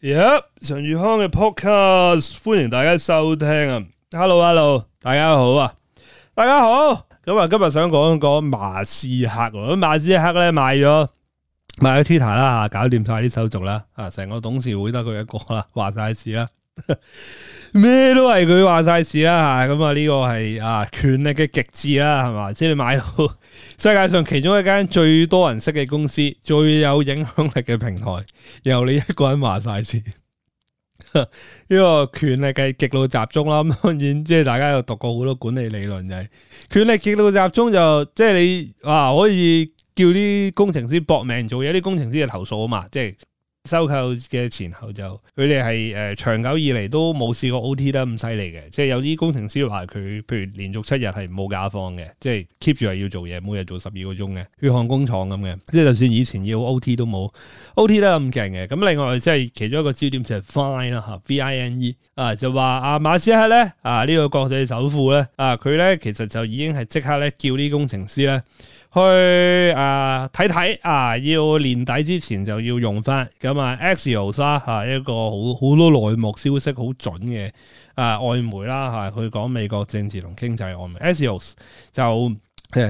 耶！陳宇、yep, 康嘅 podcast，歡迎大家收聽啊！Hello，Hello，大家好啊！大家好，咁啊，今日想講講馬斯克喎，咁馬斯克咧買咗買咗 Twitter 啦，吓搞掂晒啲手續啦，啊，成個董事會得佢一個啦，話晒事啊！咩都係佢話晒事啦吓，咁啊呢個係啊權力嘅極致啦，係嘛？即係你買到世界上其中一間最多人識嘅公司，最有影響力嘅平台，由你一個人話晒事。呢個權力嘅極度集中啦，咁當然即係大家有讀過好多管理理論，就係權力極度集中就即係你啊可以叫啲工程師搏命做嘢，啲工程師就投訴啊嘛，即係。收購嘅前後就佢哋係誒長久以嚟都冇試過 O T 得咁犀利嘅，即係有啲工程師話佢譬如連續七日係冇假放嘅，即係 keep 住係要做嘢，每日做十二個鐘嘅，血汗工廠咁嘅，即係就算以前要 O T 都冇 O T 得咁勁嘅。咁、嗯、另外即係其中一個焦點就係 Vine 啦吓 V I N E 啊就話阿、啊、馬斯克咧啊呢、這個國際首富咧啊佢咧其實就已經係即刻咧叫啲工程師咧。去啊睇睇啊，要年底之前就要用翻咁啊。Axios、e、啦、啊，吓一個好好多內幕消息好準嘅啊，外媒啦吓，佢、啊、講美國政治同經濟外媒 Axios、e、就誒、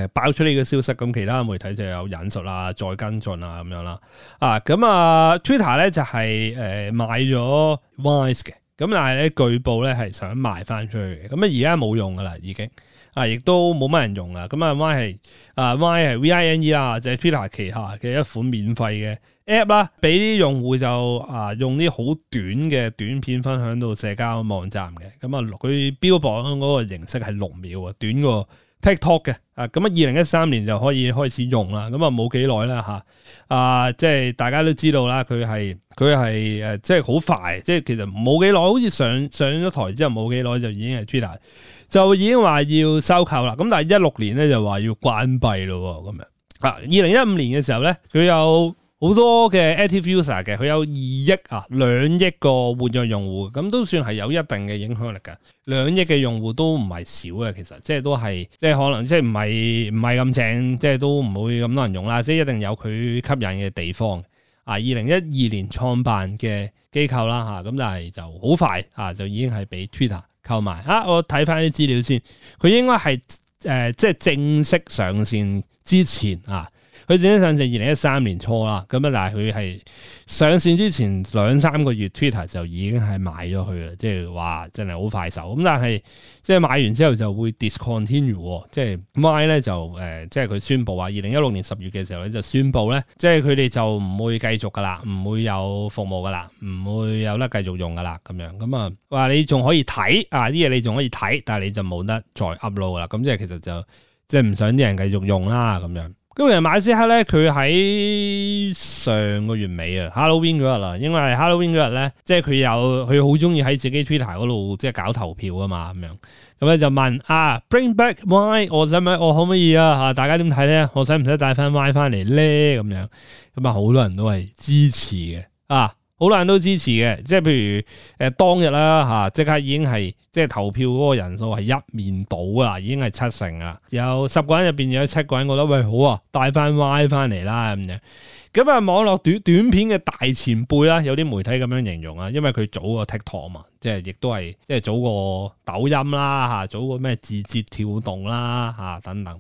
啊、爆出呢個消息，咁其他媒體就有引述啦，再跟進啦咁樣啦啊。咁啊，啊 Twitter 咧就係誒買咗 Vice 嘅，咁、啊、但係咧據報咧係想賣翻出去嘅，咁啊而家冇用噶啦，已經。啊，亦都冇乜人用啊，咁啊 y 係啊、uh, y 係 VINE 啦，就係 Twitter 旗下嘅一款免費嘅 app 啊，俾啲用戶就啊用啲好短嘅短片分享到社交網站嘅，咁啊佢標榜嗰個形式係六秒啊，短喎。TikTok 嘅，啊咁啊，二零一三年就可以開始用啦，咁啊冇幾耐啦吓，啊即係大家都知道啦，佢係佢係誒，即係好快，即係其實冇幾耐，好似上上咗台之後冇幾耐就已經係 Twitter 就已經話要收購啦，咁但係一六年咧就話要關閉咯咁樣，啊二零一五年嘅時候咧，佢有。好多嘅 active user 嘅，佢有二億啊，兩億個活躍用戶，咁都算係有一定嘅影響力嘅。兩億嘅用戶都唔係少嘅，其實即係都係，即係可能即係唔係唔係咁正，即係都唔會咁多人用啦。即係一定有佢吸引嘅地方。啊，二零一二年創辦嘅機構啦吓，咁、啊、但係就好快啊，就已經係被 Twitter 購買啊。我睇翻啲資料先，佢應該係誒，即係正式上線之前啊。佢正式上線二零一三年初啦，咁啊，但係佢係上線之前兩三個月 Twitter 就已經係買咗佢啦，即係話真係好快手。咁但係即係買完之後就會 discontinue，即係 My 咧就誒、呃，即係佢宣佈話二零一六年十月嘅時候咧就宣佈咧，即係佢哋就唔會繼續噶啦，唔會有服務噶啦，唔會有得繼續用噶啦咁樣。咁啊話你仲可以睇啊啲嘢，你仲可以睇，但係你就冇得再 upload 啦。咁即係其實就即係唔想啲人繼續用啦咁樣。今日馬斯克咧，佢喺上個月尾啊，Halloween 嗰日啦。因為 Halloween 嗰日咧，即係佢有佢好中意喺自己 Twitter 嗰度即係搞投票啊嘛，咁樣咁咧就問啊，Bring back Vine 我使唔使我可唔可以啊？嚇，大家點睇咧？我使唔使帶翻 Vine 翻嚟咧？咁樣咁啊，好多人都係支持嘅啊。好多都支持嘅，即係譬如誒、呃、當日啦吓，即、啊、刻已經係即係投票嗰個人數係一面倒啊，已經係七成啊，有十個人入邊有七個人覺得喂好啊，帶翻 Y 翻嚟啦咁樣，咁、嗯、啊網絡短短片嘅大前輩啦，有啲媒體咁樣形容啊，因為佢早過 TikTok 啊嘛，即係亦都係即係早過抖音啦吓、啊，早過咩字節跳動啦吓、啊、等等，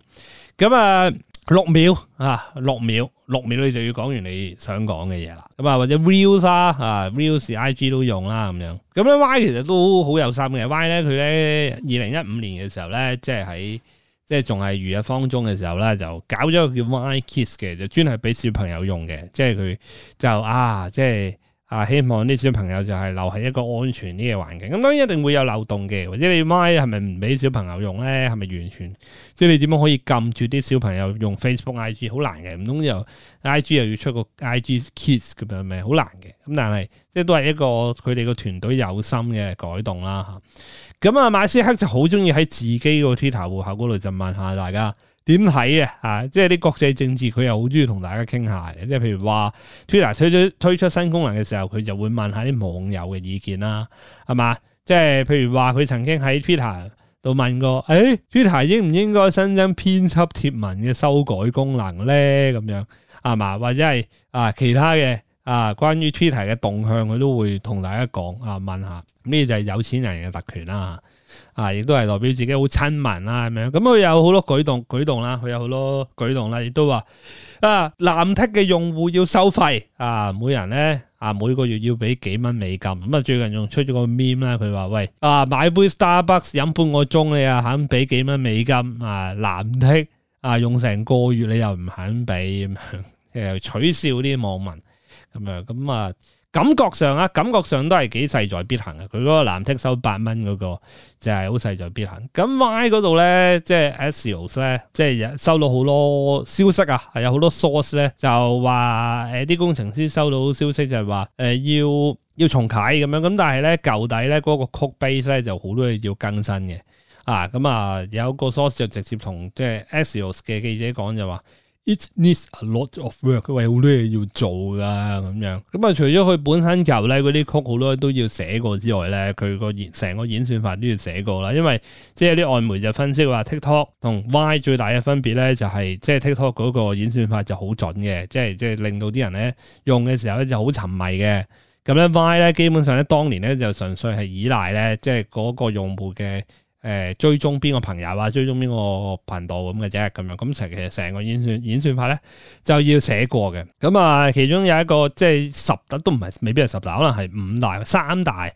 咁、嗯、啊。嗯六秒啊，六秒，六秒你就要講完你想講嘅嘢啦。咁啊，或者 reels 啊，reels、IG 都用啦咁樣。咁咧 Y 其實都好有心嘅。Y 咧佢咧二零一五年嘅時候咧，即係喺即係仲係如日方中嘅時候咧，就搞咗個叫 Y Kiss 嘅，就專係俾小朋友用嘅。即係佢就啊，即係。啊！希望啲小朋友就係留喺一個安全啲嘅環境，咁當然一定會有漏洞嘅，或者你咪係咪唔俾小朋友用咧？係咪完全即係你點樣可以撳住啲小朋友用 Facebook、IG 好難嘅，唔通又 IG 又要出個 IG Kids 咁樣咩？好難嘅，咁但係即係都係一個佢哋個團隊有心嘅改動啦吓。咁啊，馬斯克就好中意喺自己個 Twitter 戶口嗰度就問下大家，點睇啊？啊，即係啲國際政治，佢又好中意同大家傾下嘅。即係譬如話 Twitter 推出推出新功能嘅時候，佢就會問下啲網友嘅意見啦，係嘛？即係譬如話佢曾經喺 Twitter 度問過，誒，Twitter 應唔應該新增編輯貼文嘅修改功能咧？咁樣係嘛？或者係啊，其他嘅啊，關於 Twitter 嘅動向，佢都會同大家講啊，問下。咩就係有錢人嘅特權啦。啊，亦都係代表自己好親民啦，咁樣咁佢有好多舉動舉動啦，佢有好多舉動啦，亦都話啊，藍剔嘅用戶要收費啊，每人咧啊，每個月要俾幾蚊美金，咁啊最近仲出咗個 Meme 啦，佢話喂啊，買杯 Starbucks 飲半個鐘你啊肯俾幾蚊美金啊，藍剔啊用成個月你又唔肯俾，咁樣，誒、啊、取笑啲網民咁樣咁啊。感覺上啊，感覺上都係幾勢在必行嘅。佢嗰個藍剔收八蚊嗰個就係好勢在必行。咁 Y 嗰度咧，即係 Axios 咧，即係收到好多消息啊，係有好多 source 咧就話誒啲工程師收到消息就係話誒，要要重啟咁樣。咁但係咧舊底咧嗰個 code base 咧就好多嘢要更新嘅啊。咁啊有個 source 就直接同即係 Axios 嘅記者講就話。It needs a lot of work，佢話有好多嘢要做噶咁樣。咁啊，除咗佢本身就咧嗰啲曲好多都要寫過之外咧，佢個成個演算法都要寫過啦。因為即係啲外媒就分析話，TikTok 同 Y 最大嘅分別咧就係、是，即係 TikTok 嗰個演算法就好準嘅，即係即係令到啲人咧用嘅時候咧就好沉迷嘅。咁咧 Y 咧基本上咧當年咧就純粹係依賴咧，即係嗰個用戶嘅。誒追蹤邊個朋友啊，追蹤邊個頻道咁嘅啫，咁樣咁成其實成個演算演算法咧就要寫過嘅。咁、嗯、啊，其中有一個即係十大都唔係，未必係十大，可能係五大、三大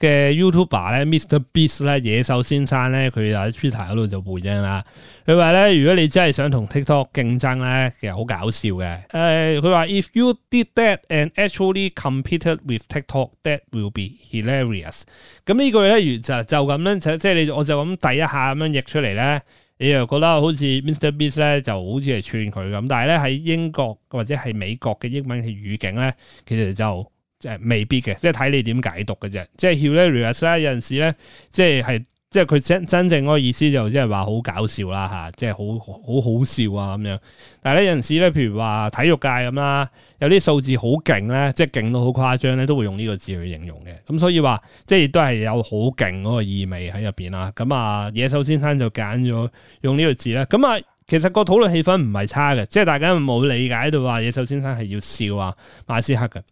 嘅 YouTuber 咧，Mr Beast 咧，野獸先生咧，佢喺 Twitter 嗰度就回應啦。佢話咧，如果你真係想同 TikTok 競爭咧，其實好搞笑嘅。誒、呃，佢話 If you did that and actually competed with TikTok, that will be hilarious。咁呢個咧，如就就咁咧，即即係你我就。咁第一下咁樣譯出嚟咧，你又覺得好似 Mr. Beast 咧，就好似係串佢咁。但係咧，喺英國或者係美國嘅英文嘅語境咧，其實就即係未必嘅，即係睇你點解讀嘅啫。即係 Hilarious 咧，有陣時咧，即係。係。即係佢真真正嗰個意思就即係話好搞笑啦吓，即係好好好笑啊咁樣。但係呢，有陣時咧，譬如話體育界咁啦，有啲數字好勁咧，即係勁到好誇張咧，都會用呢個字去形容嘅。咁所以話即係亦都係有好勁嗰個意味喺入邊啦。咁啊，野獸先生就揀咗用呢個字啦。咁啊，其實個討論氣氛唔係差嘅，即係大家冇理解到話野獸先生係要笑啊馬斯克嘅。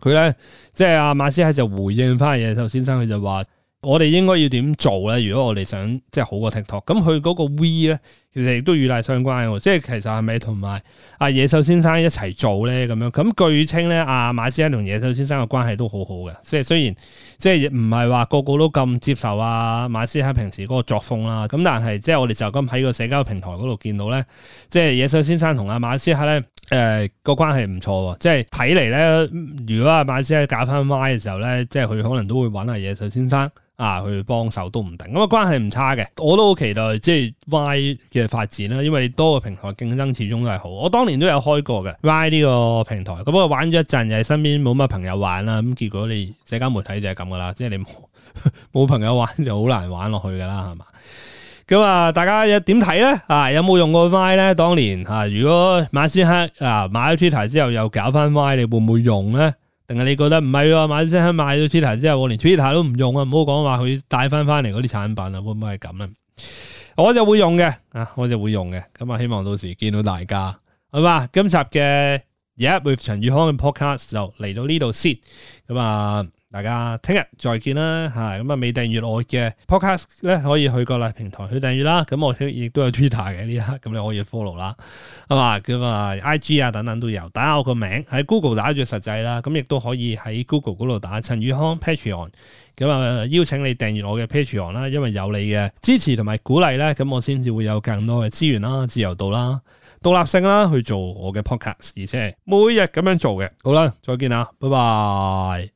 佢咧即係阿、啊、馬斯克就回應翻野獸先生，佢就話。我哋應該要點做咧？如果我哋想即係好過 TikTok，咁佢嗰個 V 咧，其實亦都與賴相關嘅。即係其實係咪同埋阿野獸先生一齊做咧？咁樣咁據稱咧，阿、啊、馬斯克同野獸先生嘅關係都好好嘅。即係雖然即係唔係話個個都咁接受阿、啊、馬斯克平時嗰個作風啦、啊。咁但係即係我哋就咁喺個社交平台嗰度見到咧，即係野獸先生同阿、啊、馬斯克咧，誒、呃、個關係唔錯、啊。即係睇嚟咧，如果阿、啊、馬斯克搞翻 Y 嘅時候咧，即係佢可能都會搵下、啊、野獸先生。啊，去幫手都唔定，咁、嗯、啊關係唔差嘅，我都好期待即係 Y 嘅發展啦，因為多個平台競爭始終都係好。我當年都有開過嘅 Y 呢個平台，咁啊玩咗一陣，又係身邊冇乜朋友玩啦，咁結果你社交媒體就係咁噶啦，即係你冇朋友玩就好難玩落去噶啦，係嘛？咁、嗯、啊，大家又點睇咧？啊有冇用過 Y 咧？當年啊，如果馬斯克啊買咗 Twitter 之後又搞翻 Y，你會唔會用咧？定係你覺得唔係喎？買咗 Twitter 之後，我連 Twitter 都唔用啊！唔好講話佢帶翻翻嚟嗰啲產品啊，會唔會係咁啊？我就會用嘅啊，我就會用嘅。咁啊，希望到時見到大家，好嘛？今集嘅 Yeah With 陳宇康嘅 Podcast 就嚟到呢度先，咁啊。大家聽日再見啦，咁啊，未訂閱我嘅 podcast 咧，可以去各大平台去訂閱啦。咁、嗯、我亦都有 Twitter 嘅呢一刻，咁、嗯、你可以 follow 啦，係嘛，咁啊 IG 啊等等都有。打我個名喺 Google 打住實際啦，咁亦都可以喺 Google 嗰度打陳宇康 Patreon 咁、嗯、啊，邀請你訂閱我嘅 Patreon 啦，因為有你嘅支持同埋鼓勵咧，咁我先至會有更多嘅資源啦、自由度啦、獨立性啦，去做我嘅 podcast，而且每日咁樣做嘅。好啦，再見啦，拜拜。